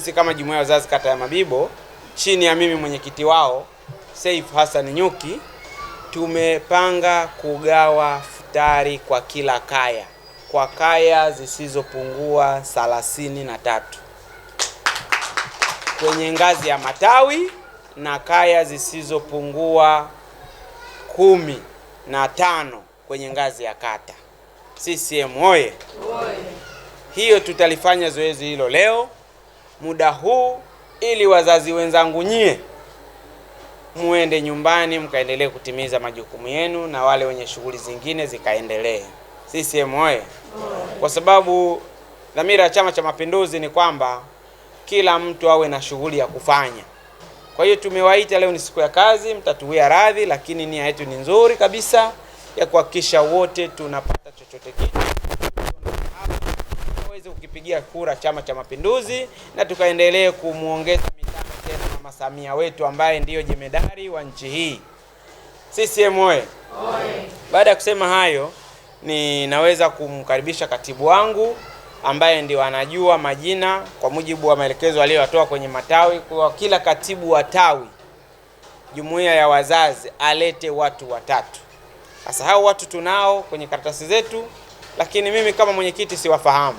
Sisi kama jumuiya ya wazazi kata ya Mabibo chini ya mimi mwenyekiti wao Saif Hassan Nyuki tumepanga kugawa futari kwa kila kaya kwa kaya zisizopungua thelathini na tatu kwenye ngazi ya matawi na kaya zisizopungua kumi na tano kwenye ngazi ya kata. CCM oye! E. Hiyo tutalifanya zoezi hilo leo muda huu ili wazazi wenzangu nyie muende nyumbani mkaendelee kutimiza majukumu yenu na wale wenye shughuli zingine zikaendelee. CCM oye! Kwa sababu dhamira ya Chama cha Mapinduzi ni kwamba kila mtu awe na shughuli ya kufanya. Kwa hiyo tumewaita leo, ni siku ya kazi, mtatuwia radhi, lakini nia yetu ni nzuri kabisa ya kuhakikisha wote tunapata chochote kile tuweze kukipigia kura Chama cha Mapinduzi na tukaendelee kumwongeza mitano tena Mama Samia wetu ambaye ndiyo jemedari wa nchi hii. CCM oye! Baada ya kusema hayo, ninaweza kumkaribisha katibu wangu ambaye ndio anajua majina kwa mujibu wa maelekezo aliyoyatoa kwenye matawi. Kwa kila katibu wa tawi jumuiya ya wazazi alete watu watatu. Sasa hao watu tunao kwenye karatasi zetu, lakini mimi kama mwenyekiti siwafahamu.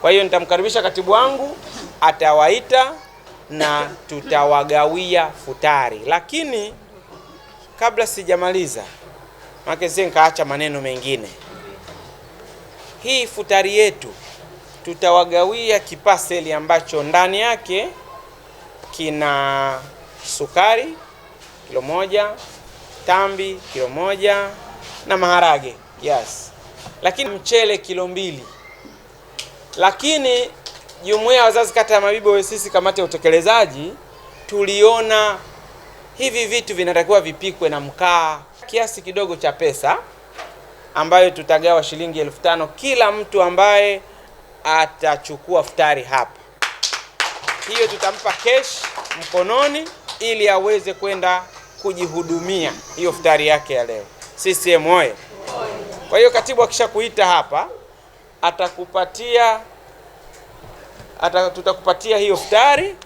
Kwa hiyo nitamkaribisha katibu wangu, atawaita na tutawagawia futari, lakini kabla sijamaliza makezi nikaacha maneno mengine. Hii futari yetu tutawagawia kipaseli ambacho ndani yake kina sukari kilo moja, tambi kilo moja na maharage yes, lakini mchele kilo mbili. Lakini jumuiya ya wazazi kata ya Mabibo, sisi kamati ya utekelezaji tuliona hivi vitu vinatakiwa vipikwe na mkaa, kiasi kidogo cha pesa ambayo tutagawa shilingi elfu tano kila mtu ambaye atachukua futari hapa. Hiyo tutampa cash mkononi, ili aweze kwenda kujihudumia hiyo futari yake ya leo. CCM oye! Kwa hiyo katibu akishakuita hapa atakupatia ata, tutakupatia hiyo futari,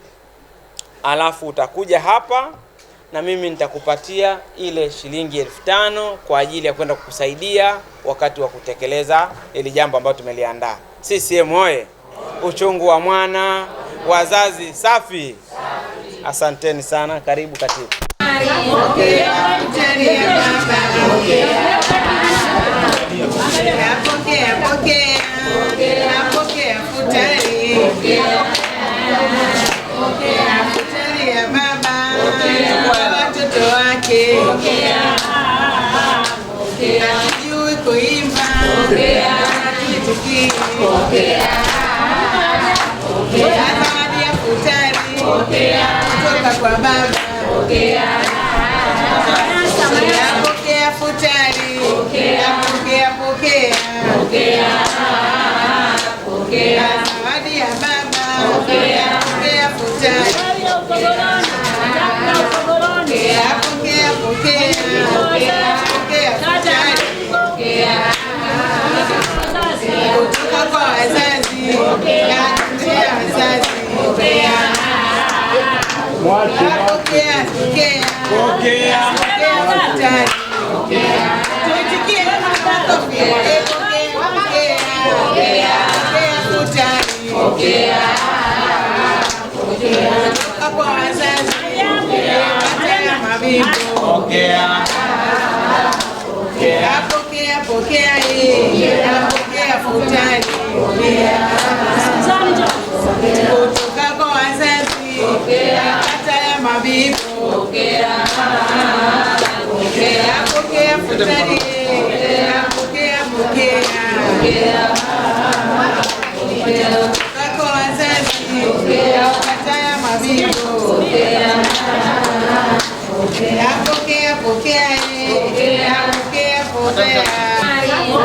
alafu utakuja hapa na mimi nitakupatia ile shilingi elfu tano kwa ajili ya kwenda kukusaidia wakati wa kutekeleza ili jambo ambalo tumeliandaa. CCM oye! Uchungu wa mwana, wazazi safi. Asanteni sana, karibu katibu. Okay, okay, okay hospitali ya baba kwa watoto wake, hatujui kuimba tukii zawadi ya futari kutoka kwa baba apokea futari apokea pokea Pokea nje ya mzazi. Pokea. Pokea. Pokea. Daktari. Pokea. Pokea. Daktari. Pokea. Kutoka kwa wazazi pokea hii, napokea futani kutoka kwa wazazi, hata ya mabibi, pokea futani, napokea pokea kutoka pokea pokea pokea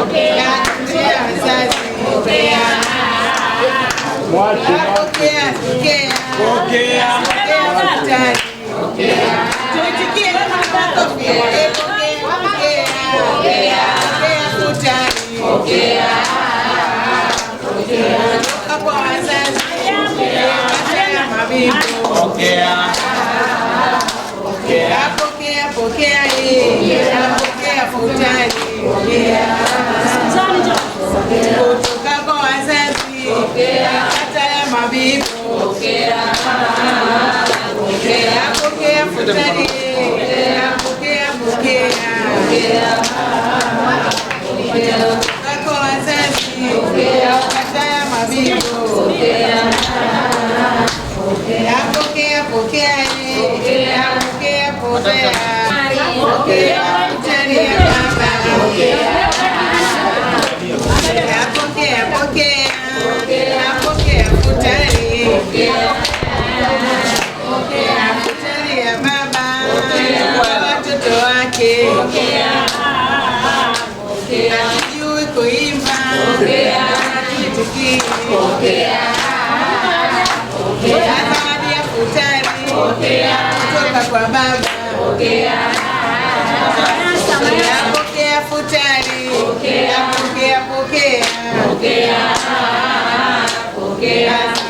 Pokea, pokea, pokea futari kutoka kwa wazazi, hata ya mabibi, pokea futari Hoteli ya watoto wake, hatujui kuimba zawadi ya Pokea futari, pokea, pokea, pokea, pokea, pokea.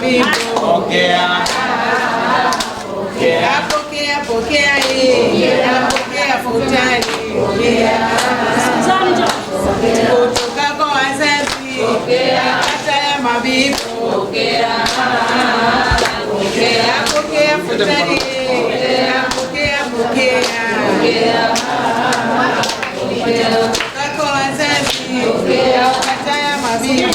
tabibu, pokea pokea pokea pokea pokea futari kutoka kwa wazazi, kata ya mabibu, pokea pokea futari pokea pokea kutoka kwa wazazi, kata ya mabibu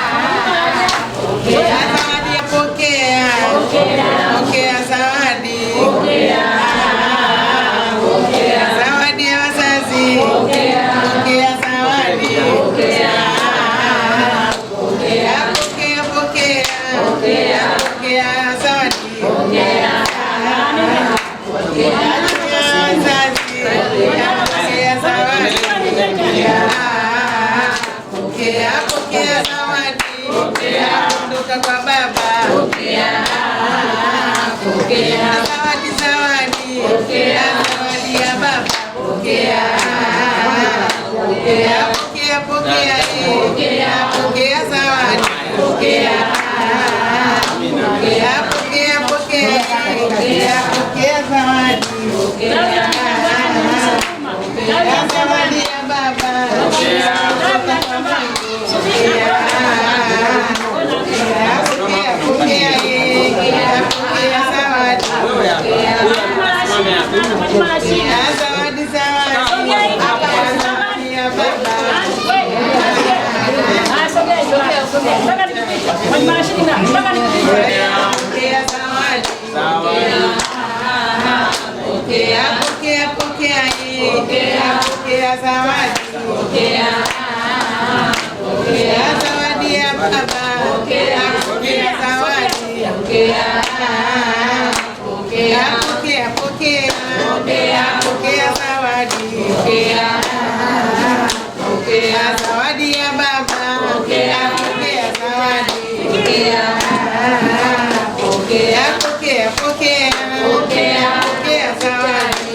porque é porque é porque é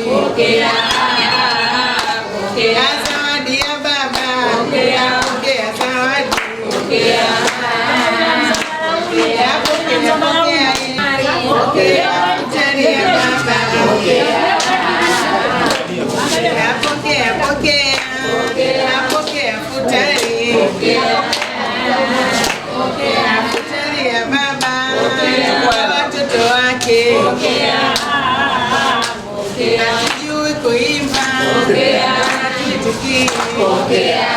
ya, Porque, porque, porque. Pokea tukuki, pokea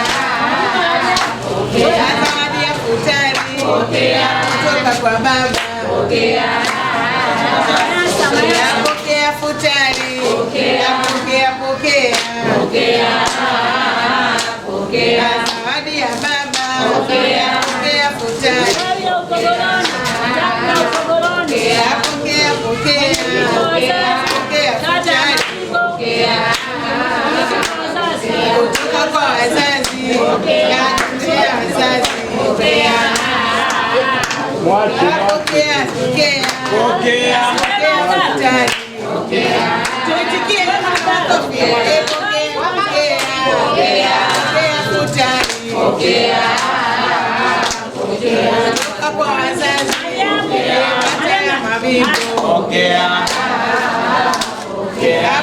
pokea zawadi ya futari, pokea pokea pokea zawadi ya Baba, pokea wazazi napokea wazazi napokea pokea hospitali tuitikie makofi pokea kutoka kwa wazazi kata ya Mavimbo pokea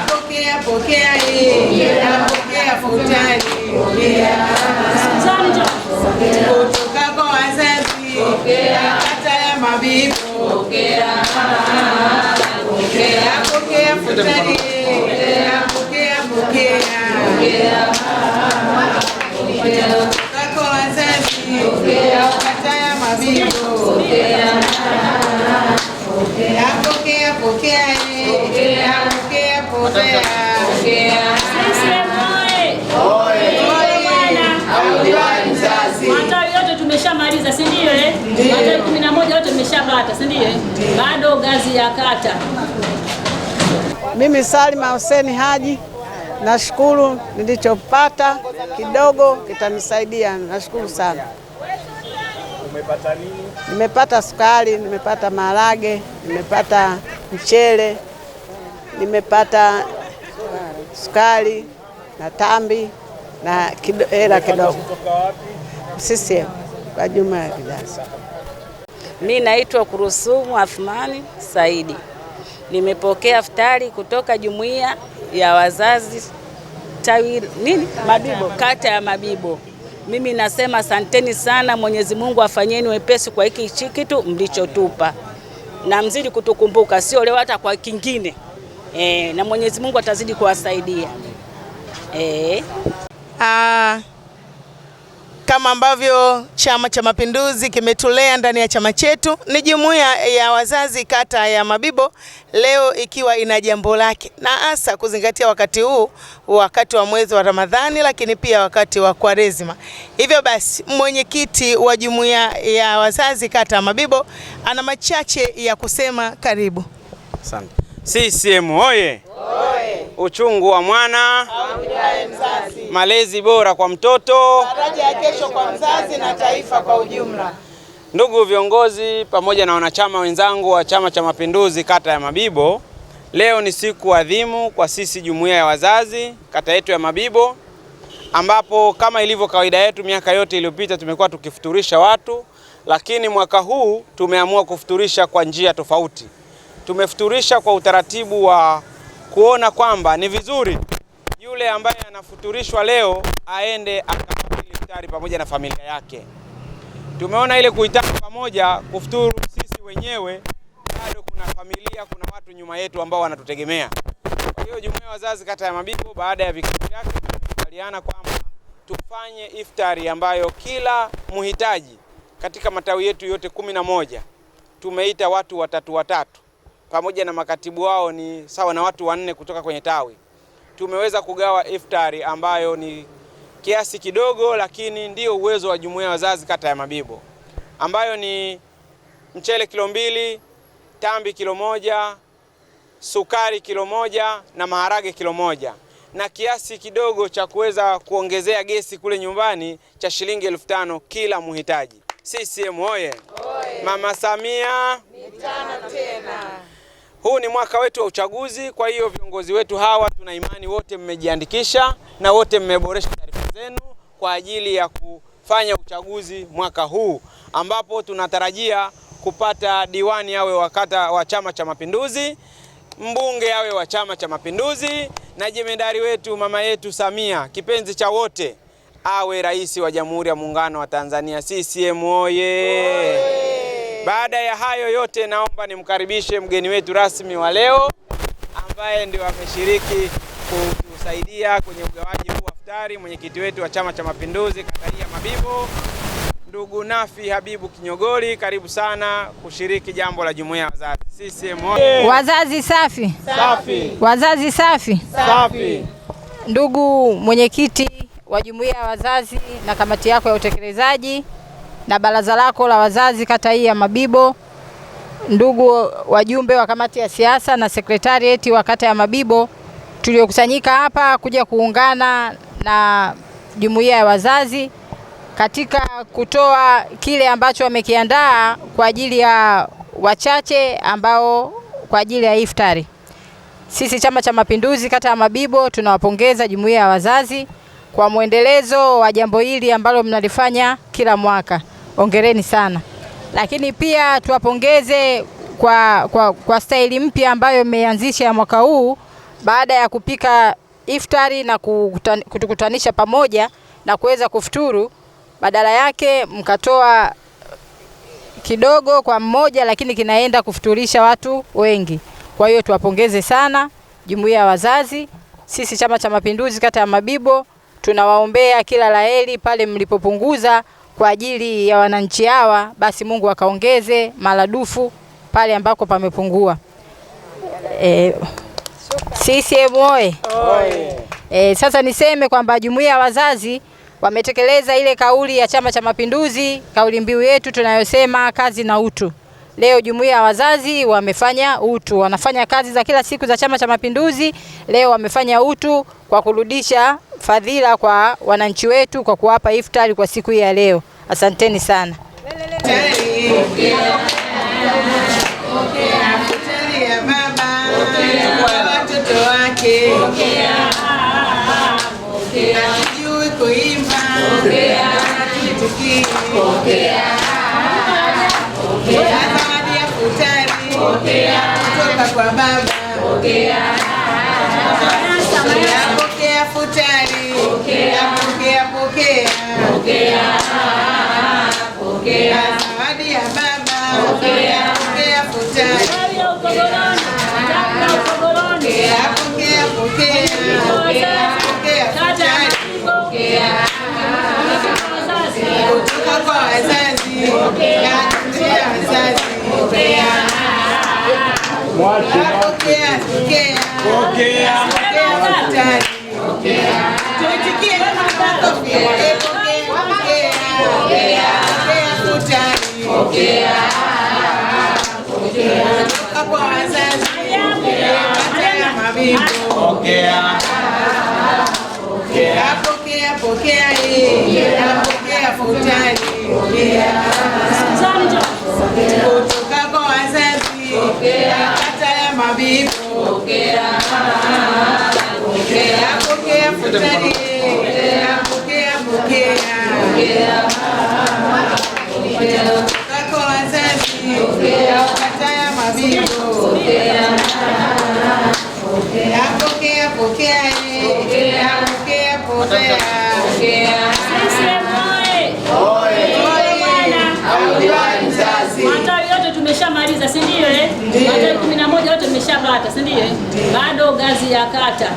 pokea pokea hii napokea futari kutoka kwa wazazi, kata ya Mabibo, pokea futari, pokea pokea, kutoka kwa wazazi, kata ya Mabibo, pokea pokea, pokea pokea mmeshamaliza si ndio eh? eh. kumi na moja wote mmeshapata si ndio eh? Bado ngazi ya kata. Mimi Salima Hussein Haji nashukuru, nilichopata kidogo kitanisaidia, nashukuru sana. Umepata nini? Nimepata sukari, nimepata maharage, nimepata mchele, nimepata sukari na tambi na hela kido, kidogo sisi kwa Juma ya Kidasa. Mi naitwa Kurusumu Athmani Saidi, nimepokea iftari kutoka jumuiya ya wazazi tawi nini Mabibo, kata ya Mabibo. Mimi nasema asanteni sana, Mwenyezi Mungu afanyeni wepesi kwa hiki kitu mlichotupa, na mzidi kutukumbuka, sio leo, hata kwa kingine e, na Mwenyezi Mungu atazidi kuwasaidia e. Ah kama ambavyo Chama cha Mapinduzi kimetulea ndani ya chama chetu, ni jumuiya ya wazazi kata ya Mabibo leo ikiwa ina jambo lake, na hasa kuzingatia wakati huu, wakati wa mwezi wa Ramadhani, lakini pia wakati wa Kwaresima. Hivyo basi, mwenyekiti wa jumuiya ya wazazi kata ya Mabibo ana machache ya kusema. Karibu. Asante. CCM oye! Uchungu wa mwana mzazi, malezi bora kwa mtoto, faraja ya kesho kwa mzazi na taifa kwa ujumla. Ndugu viongozi pamoja na wanachama wenzangu wa Chama cha Mapinduzi kata ya Mabibo, leo ni siku adhimu kwa sisi jumuiya ya wazazi kata yetu ya Mabibo, ambapo kama ilivyo kawaida yetu miaka yote iliyopita tumekuwa tukifuturisha watu, lakini mwaka huu tumeamua kufuturisha kwa njia tofauti tumefuturisha kwa utaratibu wa kuona kwamba ni vizuri yule ambaye anafuturishwa leo aende akafuturi iftari pamoja na familia yake. Tumeona ile kuitana pamoja kufuturu sisi wenyewe, bado kuna familia, kuna watu nyuma yetu ambao wanatutegemea. Kwa hiyo jumuiya wazazi kata ya Mabibo baada ya vikao vyake tumekubaliana kwamba tufanye iftari ambayo kila mhitaji katika matawi yetu yote kumi na moja tumeita watu watatu watatu pamoja na makatibu wao ni sawa na watu wanne kutoka kwenye tawi. Tumeweza kugawa iftari ambayo ni kiasi kidogo, lakini ndio uwezo wa jumuiya ya wazazi kata ya Mabibo, ambayo ni mchele kilo mbili, tambi kilo moja, sukari kilo moja na maharage kilo moja na kiasi kidogo cha kuweza kuongezea gesi kule nyumbani cha shilingi elfu tano kila mhitaji. CCM e. oye! Mama Samia mitano tena. Huu ni mwaka wetu wa uchaguzi, kwa hiyo viongozi wetu hawa tuna imani wote mmejiandikisha na wote mmeboresha taarifa zenu kwa ajili ya kufanya uchaguzi mwaka huu ambapo tunatarajia kupata diwani awe wa kata wa Chama cha Mapinduzi, mbunge awe wa Chama cha Mapinduzi na jemedari wetu mama yetu Samia kipenzi cha wote awe rais wa Jamhuri ya Muungano wa Tanzania. CCM oye! Baada ya hayo yote, naomba nimkaribishe mgeni wetu rasmi wa leo ambaye ndio ameshiriki kutusaidia kwenye ugawaji huu wa iftari, mwenyekiti wetu wa Chama cha Mapinduzi kagaria Mabibo, ndugu Nafi Habibu Kinyogoli. Karibu sana kushiriki jambo la jumuiya ya wazazi CCM. Wazazi safi. Safi. Wazazi safi. Safi. Ndugu mwenyekiti wa jumuiya ya wazazi na kamati yako ya utekelezaji na baraza lako la wazazi kata hii ya Mabibo, ndugu wajumbe wa kamati ya siasa na sekretarieti wa kata ya Mabibo, tuliokusanyika hapa kuja kuungana na jumuiya ya wazazi katika kutoa kile ambacho wamekiandaa kwa ajili ya wachache ambao kwa ajili ya iftari. Sisi Chama cha Mapinduzi kata ya Mabibo tunawapongeza jumuiya ya wazazi kwa mwendelezo wa jambo hili ambalo mnalifanya kila mwaka ongereni sana, lakini pia tuwapongeze kwa, kwa, kwa staili mpya ambayo mmeanzisha mwaka huu baada ya kupika iftari na kutukutanisha pamoja na kuweza kufuturu, badala yake mkatoa kidogo kwa mmoja, lakini kinaenda kufuturisha watu wengi. Kwa hiyo tuwapongeze sana jumuiya ya wazazi. Sisi Chama cha Mapinduzi kata ya Mabibo tunawaombea kila laheri pale mlipopunguza kwa ajili ya wananchi hawa, basi Mungu akaongeze maradufu pale ambako pamepungua. E, CCM oye! E, sasa niseme kwamba jumuiya ya wazazi wametekeleza ile kauli ya Chama cha Mapinduzi, kauli mbiu yetu tunayosema kazi na utu. Leo jumuiya ya wazazi wamefanya utu, wanafanya kazi za kila siku za Chama cha Mapinduzi, leo wamefanya utu kwa kurudisha fadhila kwa wananchi wetu kwa kuwapa iftari kwa siku hii ya leo. Asanteni sana. Pokea kutoka kwa baba. Pokea. Pokea, pokea, pokea. Pokea, Zawadi ya Baba. Pokea, pokea, pokea. Pokea, pokea, pokea. Kutoka kwa wazazi. Pokea, pokea, wazazi. Pokea. Pokea, pokea. Pokea, pokea, pokea kutoka kwa wazazi kata ya Mabibo. Pokea futari zako Tumeshamaliza, si ndio? Eh, matawi kumi tumeshapata, si eh? Bado ngazi ya kata